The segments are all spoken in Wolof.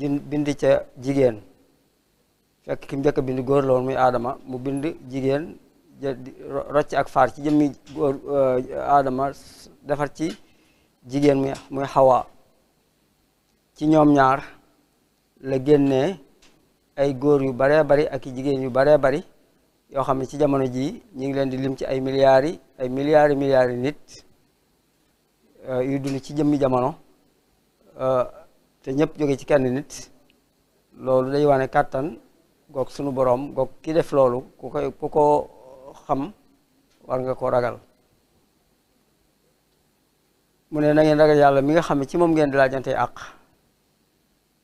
bind ca jigéen fekk ki njëkk a bind góor la woon muy aadama mu bind jigéen rocc ak faar ci jëmmi góor aadama euh, defar ci jigéen muy muy xawa ci ñoom ñaar la génnee ay góor yu baree bari ak jigéen yu baree bari yoo xam ne ci jamono jii ñu ngi leen di lim ci ay milliards yi ay milliards milliards nit euh, yu dund ci jëmmi jamono euh, te ñëpp jóge ci kenn nit loolu day wane kàttan goog sunu boroom goog ki def loolu ku koy ku ko xam war nga ko ragal mu ne na ngeen ragal yàlla mi nga xam ne ci moom ngeen di laajante àq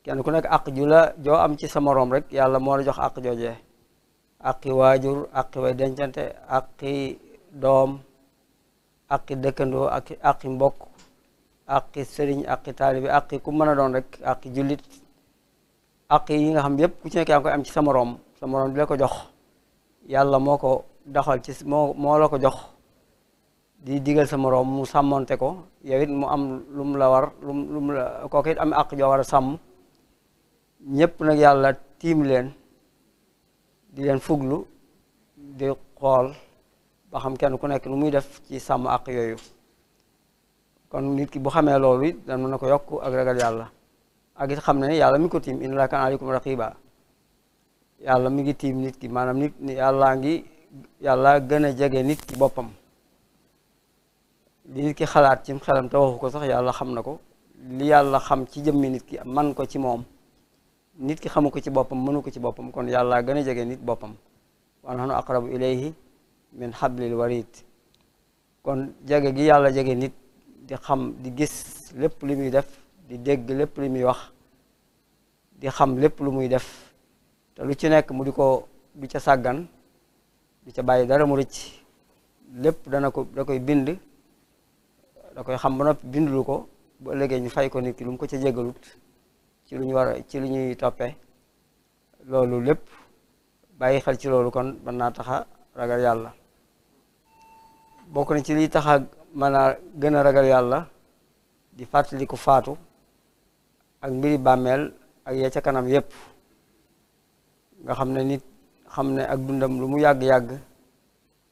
kenn ku nekk àq ju la joo am ci sa moroom rek yàlla moo la jox àq jooje àqi waajur àqi way dencante àqi doom àqi dëkkandoo àqi àqi mbokk àqi sëriñ àqi taalibi àqi ku mën a doon rek àqi jullit àqi yi nga xam yépp ku ci nekk am ci sa moroom sa moroom di la ko jox yàlla moo ko doxal ci moo moo la ko jox di digal sa moroom mu sàmmoonte ko yowit mu am lu la war lu mu lu mu la kooku it am àq joo war a sàmm ñépp nag yàlla tiim leen di leen fuglu di xool ba xam kenn ku nekk nu muy def ci sàmm àq yooyu kon nit ki bu xamee loolu it dan mën na ko yokk ak ragal yàlla ak it xam na ne yàlla mi ko tiim inna laaha kaana aleykum raqiba yàlla mi ngi tiim nit ki maanaam nit yàllaa ngi yàlla gën a jege nit ki boppam li ki xalaat ci xelam ko sax xam na ko li yàlla xam ci jëmmi nit ki man ko ci moom nit ki xamu ko ci boppam mënu ko ci boppam kon yàlla gën a jege nit boppam wa nahnu aqrabu ilayhi min hablil warid kon jege gi yàlla jege nit di xam di gis lépp li muy def di dégg lépp li muy wax di xam lépp lu muy def te lu ci nekk mu di ko du ca sàggan du ca bàyyi dara mu rëcc lépp dana ko da koy bind da koy xam ba noppi bindlu ko bu ëllëgee ñu fay ko nit ki lu mu ko ca jégalut ci lu ñu war ci lu ñuy toppee loolu lépp bàyyi xel ci loolu kon mën naa taxa ragal yàlla bokk na ci liy taxa mën gën a ragal yàlla di fàttaliku faatu ak mbiri bàmmeel ak ya ca kanam yépp nga xam ne nit xam ne ak dundam lu mu yàgg-yàgg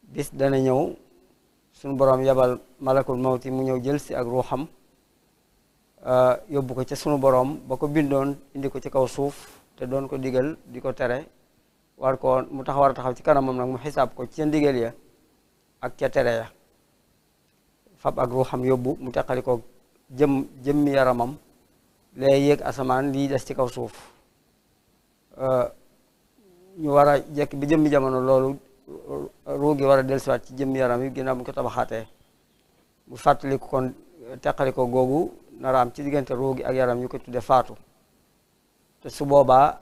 bis dana ñëw suñu boroom yabal malakul mawti mu ñëw jël si ak ruuxam euh, yóbbu ko ca sunu boroom ba ko bindoon indi ko ci kaw suuf te doon ko digal di ko tere war ko mu tax war a taxaw ci kanamam nag mu xisaab ko ca ndigal ya ak ca tere ya fab ak ruuxam yóbbu mu teqalikoo jëm jëmmi yaramam lay yéeg asamaan lii des ci kaw suuf euh, ñu war a jekk bi jëmmi jamono loolu ruugi war a dellusiwaat ci jëmmi yaram yi ginaa bu ko tabaxaate mu fàttaliku kon teqalikoo googu naraam ci diggante ruugi ak yaram ñu ko tudde faatu te su boobaa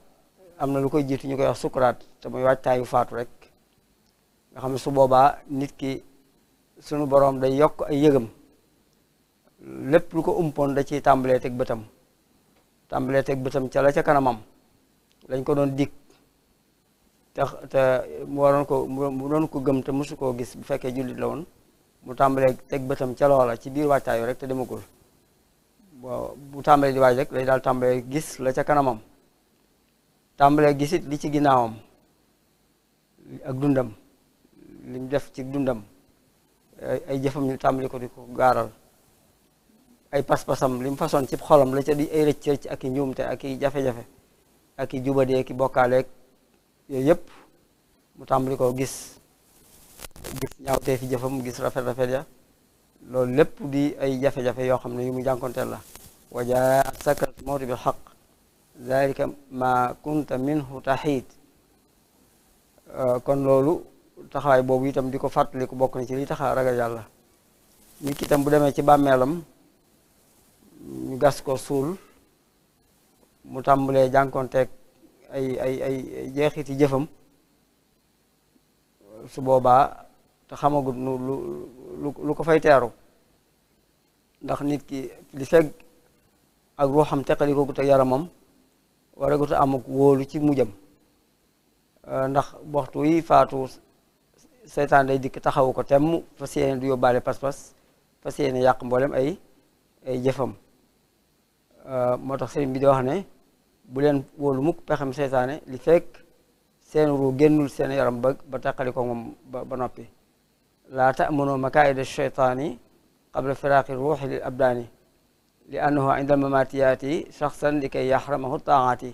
am na lu koy jiitu ñu koy wax sukuraat te muy waajtaayu faatu rek nga xam ne nit ki sunu boroom day yokk ay yëgam lépp lu ko umpoon da ciy tàmbalee teg bëtam tàmbalee teg bëtam ca la ca kanamam lañ ko doon dig tax te mu waroon ko mu doon ko gëm te mosu koo gis bu fekkee jullit la woon mu tàmbalee teg bëtam ca loola ci biir waajtaayu rek te deme bo bu tàmbalee di waaj rek lay daal tàmbalee gis la ca kanamam tàmbalee gisit li ci ginnaawam ak dundam lim def ci dundam ay jëfam ñu tàmbali ko di ko gaaral ay pas-pasam li mu façon xolam la ca di ay rëcc rëcc ak i njuumte ak i jafe-jafe ak i jubadee ki bokkaaleeg yooyu yëpp mu tàmbali koo gis gis ñaawtee fi jëfam gis rafet-rafet ya loolu lépp di ay jafe-jafe yoo xam ne yu mu jànkonteel la wa jaat sakrat mawti bil xaq dalika ma kunta minhu taxiit kon loolu taxawaay boobu itam di ko fàttaliku bokk na ci liy a ragal yàlla nit ki itam bu demee ci bàmmeelam ñu gas ko suul mu tàmbalee jànkonteeg ay ay ay jeexiti jëfam su boobaa te xamagut nu lu ko fay teeru ndax nit ki li fekk ak ruuxam teqali ko gut ak yaramam waragut a am ak wóolu ci mujjam ndax waxtu yi faatu seytaan day dikk taxawu ko temm fas yéene du yóbbaale pas-pas fas yéene yàq mboolem ay ay jëfam euh, moo tax sëriñ bi di wax ne bu leen wóolu pexem seytaane li fekk seen ruu génnul seen yaram ba ba tàqali ko moom ba noppi laa tamunoo makaida cheytaani qabla firaaqi ruuxi lil abdaani li annahu inda mamatiyaati shaxsan li kay yaxramahu taaxaati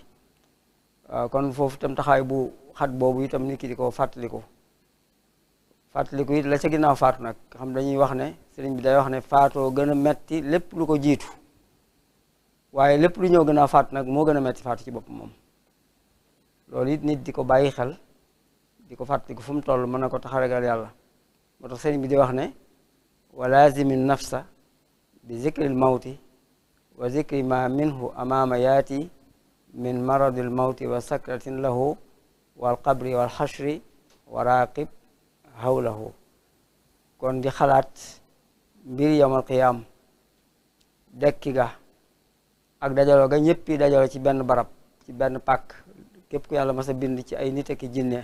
kon foofu itam taxaay bu xat boobu itam nit ki di ko fàttaliku fàttaliku it la ca ginnaaw faat nag xam dañuy wax ne sëriñ bi day wax ne faatoo gën a metti lépp lu ko jiitu waaye lépp lu ñëw ginnaaw faatu nag moo gën a metti faatu ci bopp moom loolu it ni di ko bàyyi xel di ko fàttaliku fu mu toll mën na ko taxaragal yàlla moo tax sëriñ bi di wax ne wa min nafsa bi zikril mawti wa zikri ma minhu amaama yaati min maradil mawti wa sakratin lahu wal qabri wal xashri wa raaqib hawlahu kon di xalaat mbir yawmal qiyaam dekki ga ak dajaloo ga ñëppi dajaloo ci benn barab ci benn pàkk képp ku yàlla mas bind ci ay nit ak i jinne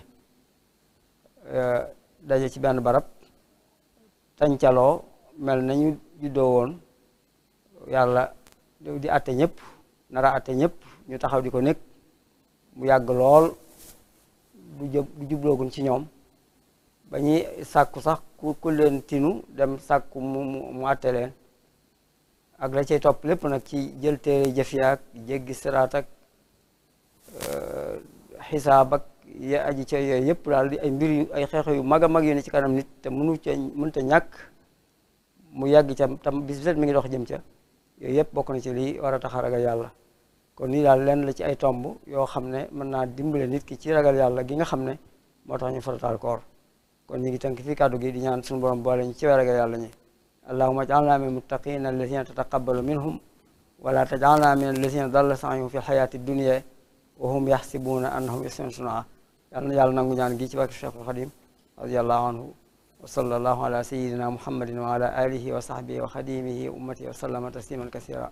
euh, daje ci benn barab tancaloo mel nañu juddoo woon yàlla di atte ñëpp nara atte ñëpp ñu taxaw di ko nekk mu yàgg lool du jub du ci ñoom ba ñuy sàkku sax ku ku leen tinu dem sàkku mu mu àtte leen ak la cay topp lépp nag ci jël téere jëf yaak jéggi siraat ak euh, xisaab ak ya aji ca yooyu yëpp daal di ay mbir yu ay xeexo yu mag a mag yu ne ci kanam nit te mënu ca munu ta ñàkk mu yàgg ca tam bis bi mi ngi dox jëm ca yooyu yëpp bokk na ci lii war a tax ragal yàlla kon nii daal lenn la ci ay tomb yoo xam ne mën naa dimbale nit ki ci ragal yàlla gi nga xam ne moo tax ñu farataal koor kon ñu ngi tënk fii kàddu gi di ñaan suñu borom boole ñu ci waragal yàlla ñi allahumma ij'alna min muttaqina allazina tataqabbalu minhum wala taj'alna min allazina dalla sa'yuhum fi lxayaati dunya wa hum yaxsibuuna annahum yuhsinuuna sun'a yàlla na yàlla nangu ñaan gi ci barke Cheikh Xadim radiyallahu anhu wa sallallahu ala sayyidina muhammadin wa ala alihi wa sahbihi wa xadimihi wa ummatihi wa sallama tasliman kasira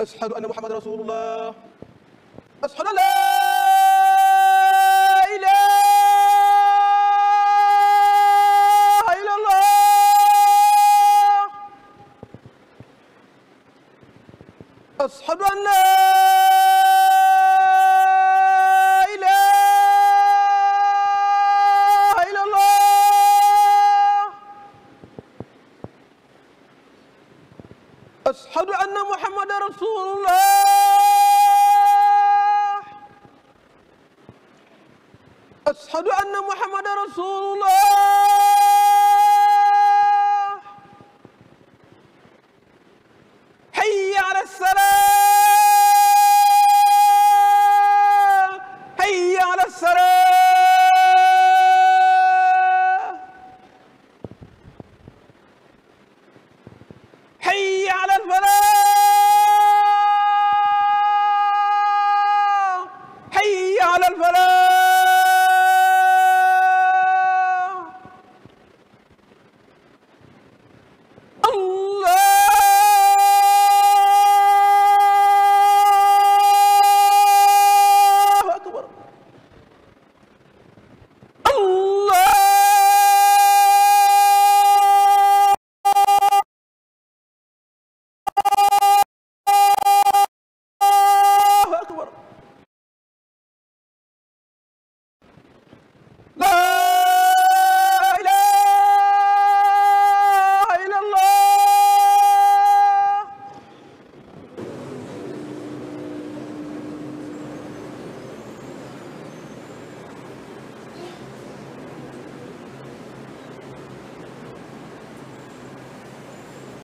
ashhadu anna muhammadan rasulullah ashhadu la ilaha illallah ashhadu anna رسول الله أشهد أن محمد رسول